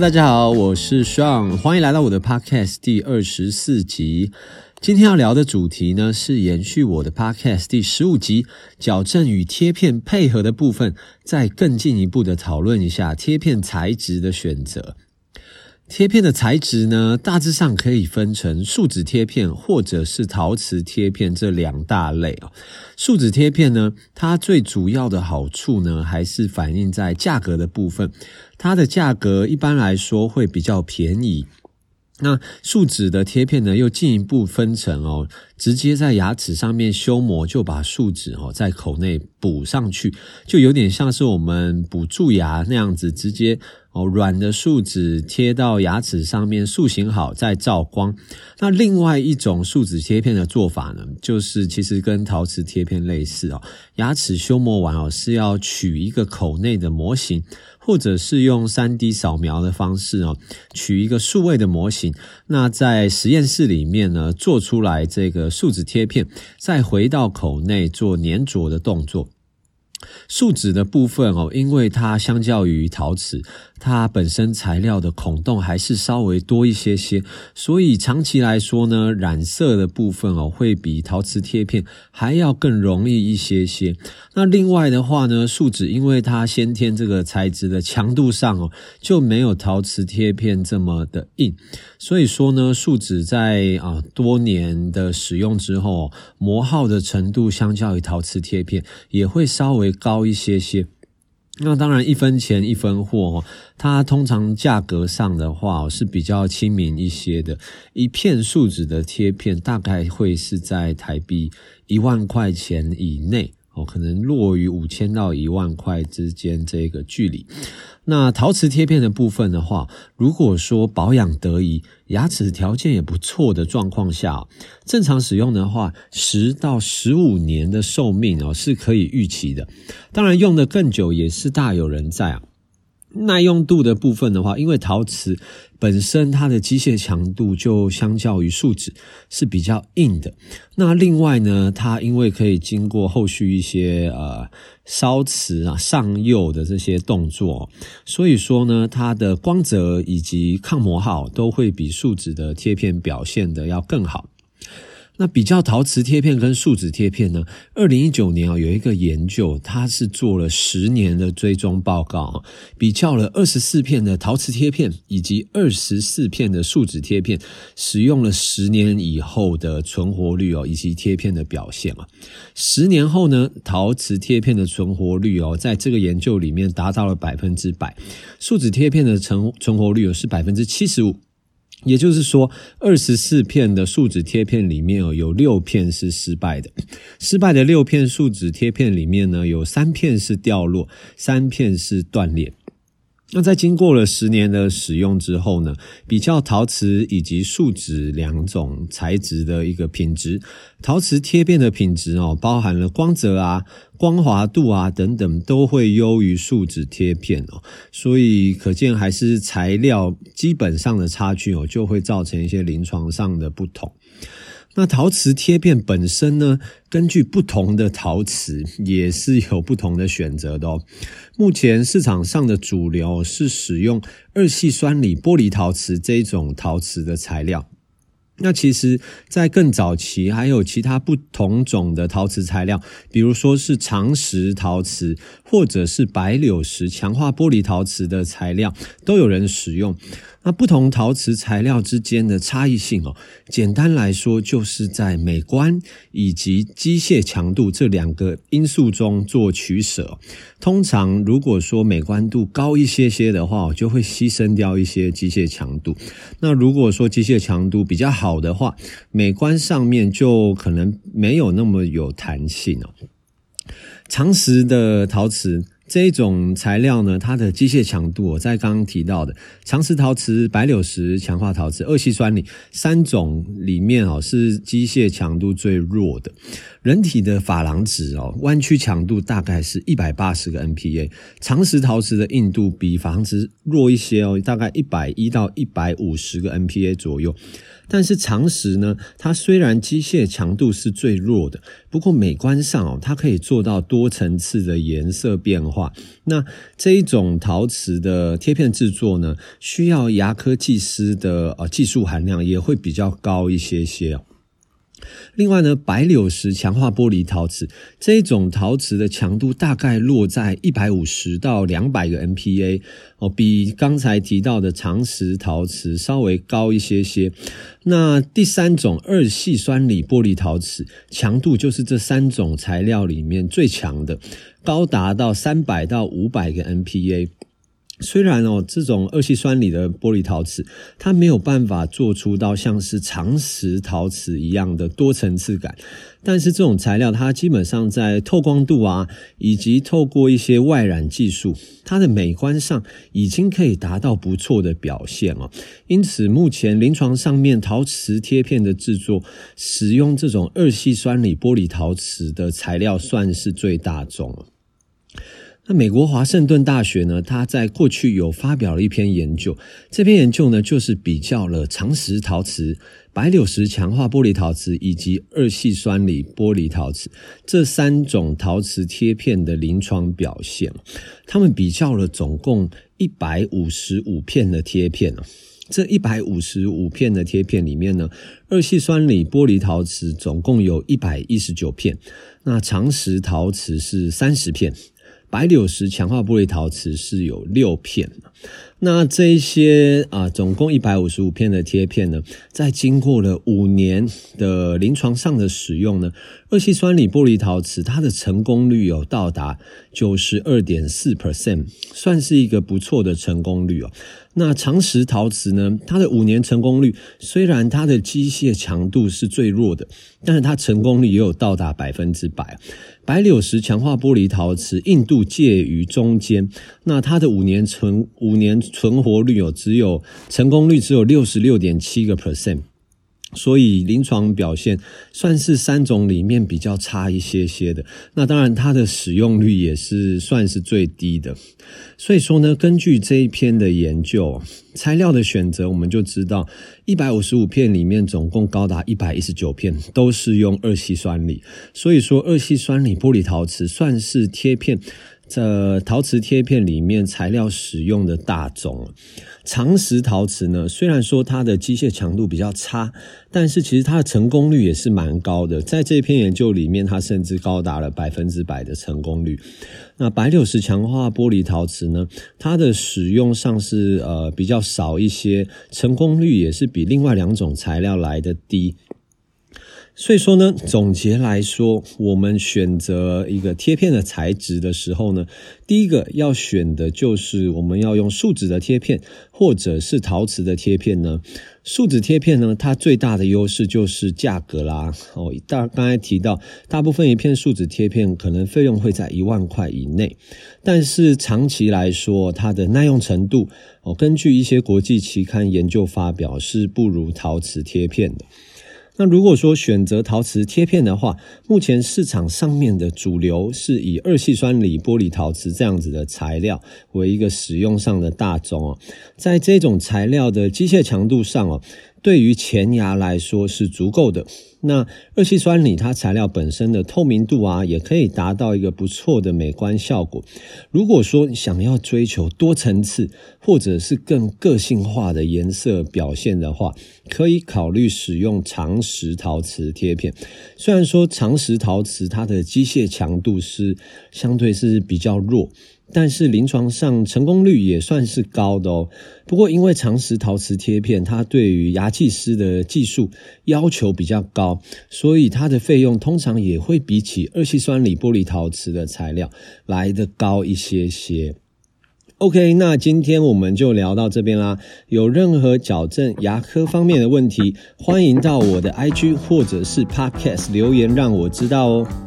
大家好，我是 Sean 歡迎來到我的 Podcast 第二十四集。今天要聊的主題呢，是延續我的 Podcast 第十五集矯正與貼片配合的部分，再更進一步的討論一下貼片材質的選擇。貼片的材質呢，大致上可以分成樹脂貼片或者是陶瓷貼片這兩大類哦。樹脂貼片呢，它最主要的好處呢，還是反映在價格的部分，它的價格一般來說會比較便宜。那樹脂的貼片呢，又進一步分成哦，直接在牙齒上面修磨，就把樹脂在口內補上去，就有點像是我們補蛀牙那樣子，直接。哦，軟的樹脂貼到牙齒上面，塑形好再照光。那另外一種樹脂貼片的做法呢，就是其實跟陶瓷貼片類似哦。牙齒修磨完哦，是要取一個口內的模型，或者是用 3D 掃描的方式哦，取一個數位的模型。那在實驗室裡面呢，做出來這個樹脂貼片，再回到口內做粘着的動作。樹脂的部分哦，因為它相較於陶瓷。它本身材料的孔洞還是稍微多一些些，所以長期來說呢，染色的部分哦，會比陶瓷貼片還要更容易一些些。那另外的話呢，樹脂因為它先天這個材質的強度上哦，就沒有陶瓷貼片這麼的硬，所以說呢，樹脂在啊多年的使用之後，磨耗的程度相較於陶瓷貼片也會稍微高一些些。那當然，一分錢一分貨，它通常價格上的話，是比較親民一些的。一片樹脂的貼片大概會是在台幣一萬塊錢以內，可能落於五千到一萬塊之間這個距離。那陶瓷貼片的部分的話，如果說保養得宜，牙齒條件也不錯的狀況下，正常使用的話，十到十五年的壽命哦是可以預期的。當然，用得的更久也是大有人在啊。耐用度的部分的話，因為陶瓷本身它的機械強度就相較於樹脂是比較硬的。那另外呢，它因為可以經過後續一些呃燒瓷啊上釉的這些動作，所以說呢，它的光澤以及抗磨耗都會比樹脂的貼片表現得要更好。那比較陶瓷貼片跟樹脂貼片呢？二零一九年啊，有一個研究，它是做了十年的追蹤報告，比較了二十四片的陶瓷貼片以及二十四片的樹脂貼片，使用了十年以後的存活率哦，以及貼片的表現啊。十年後呢，陶瓷貼片的存活率哦，在這個研究裡面達到了百分之百，樹脂貼片的成存活率是百分之七十五。也就是說，二十四片的樹脂貼片裡面哦，有六片是失敗的。失敗的六片樹脂貼片裡面呢，有三片是掉落，三片是斷裂。那在經過了十年的使用之後呢，比較陶瓷以及樹脂兩種材質的一個品質，陶瓷貼片的品質哦，包含了光澤啊、光滑度啊等等，都會優於樹脂貼片哦。所以可見還是材料基本上的差距哦，就會造成一些臨床上的不同。那陶瓷貼片本身呢？根據不同的陶瓷，也是有不同的選擇的哦。目前市場上的主流是使用二矽酸鋰玻璃陶瓷這一種陶瓷的材料。那其實，在更早期，還有其他不同種的陶瓷材料，比如說是長石陶瓷，或者是白榴石強化玻璃陶瓷的材料，都有人使用。那不同陶瓷材料之間的差異性哦，簡單來說就是在美觀以及機械強度這兩個因素中做取捨哦。通常如果說美觀度高一些些的話，我就會犧牲掉一些機械強度。那如果說機械強度比較好的話，美觀上面就可能沒有那麼有彈性哦。長石的陶瓷。這一種材料呢，它的機械強度，我在剛剛提到的長石陶瓷、白榴石強化陶瓷、二矽酸鋰三種裡面哦，是機械強度最弱的。人體的珐琅質哦，彎曲強度大概是一百八十個 MPa，長石陶瓷的硬度比珐琅質弱一些哦，大概一百一到一百五十個 MPa 左右。但是長石呢，它雖然機械強度是最弱的，不過美觀上哦，它可以做到多層次的顏色變化。那這一種陶瓷的貼片製作呢，需要牙科技師的呃技術含量也會比較高一些些哦。另外呢，白榴石強化玻璃陶瓷這種陶瓷的強度大概落在一百五十到兩百個 MPA 哦，比剛才提到的長石陶瓷稍微高一些些。那第三種二矽酸鋰玻璃陶瓷，強度就是這三種材料裡面最強的，高達到三百到五百個 MPA。雖然哦，這種二矽酸鋰的玻璃陶瓷，它沒有辦法做出到像是長石陶瓷一樣的多層次感，但是這種材料它基本上在透光度啊，以及透過一些外染技術，它的美觀上已經可以達到不錯的表現了，哦。因此，目前臨床上面陶瓷貼片的制作，使用這種二矽酸鋰玻璃陶瓷的材料，算是最大宗了。那美國華盛頓大學呢？他在過去有發表了一篇研究，這篇研究呢，就是比較了長石陶瓷、白榴石強化玻璃陶瓷以及二矽酸鋰玻璃陶瓷這三種陶瓷貼片的臨床表現。他們比較了總共一百五十五片的貼片。這一百五十五片的貼片裡面呢，二矽酸鋰玻璃陶瓷總共有一百一十九片，那長石陶瓷是三十片。白榴石強化玻璃陶瓷是有六片。那這些啊，總共一百五十五片的貼片呢，在經過了五年的臨床上的使用呢，二矽酸鋰玻璃陶瓷，它的成功率有到達九十二點四 percent，算是一個不錯的成功率哦。那長石陶瓷呢，它的五年成功率雖然它的機械強度是最弱的，但是它成功率也有到達百分之百。白榴石強化玻璃陶瓷硬度介於中間，那它的五年成五年。存活率有只有成功率只有六十六點七個 percent，所以臨床表現算是三種裡面比較差一些些的。那當然，它的使用率也是算是最低的。所以說呢，根據這一篇的研究材料的選擇，我們就知道一百五十五片裡面，總共高達一百一十九片都是用二矽酸鋰，所以說二矽酸鋰玻璃陶瓷算是貼片。這陶瓷貼片裡面，材料使用的大宗，長石陶瓷呢，雖然說它的機械強度比較差，但是其實它的成功率也是蠻高的。在這篇研究裡面，它甚至高達了百分之百的成功率。那白榴石強化玻璃陶瓷呢，它的使用上是呃比較少一些，成功率也是比另外兩種材料來得低。所以說呢，總結來說，我們選擇一個貼片的材質的時候呢，第一個要選的就是我們要用樹脂的貼片，或者是陶瓷的貼片呢。樹脂貼片呢，它最大的優勢就是價格啦哦，大剛才提到，大部分一片樹脂貼片可能費用會在一萬塊以內，但是長期來說，它的耐用程度哦，根據一些國際期刊研究發表，是不如陶瓷貼片的。那如果說選擇陶瓷貼片的話，目前市場上面的主流是以二矽酸鋰玻璃陶瓷這樣子的材料為一個使用上的大宗哦，在這種材料的機械強度上哦。對於前牙來說是足夠的。那二矽酸鋰，它材料本身的透明度啊，也可以達到一個不錯的美觀效果。如果說想要追求多層次或者是更個性化的顏色表現的話，可以考慮使用長石陶瓷貼片。雖然說長石陶瓷它的機械強度是相對是比較弱。但是臨床上成功率也算是高的哦。不過因為長石陶瓷貼片，它對於牙技師的技術要求比較高，所以它的費用通常也會比起二矽酸鋰玻璃陶瓷的材料來得高一些些。OK，那今天我們就聊到這邊啦。有任何矯正牙科方面的問題，歡迎到我的 IG 或者是 Podcast 留言，讓我知道哦。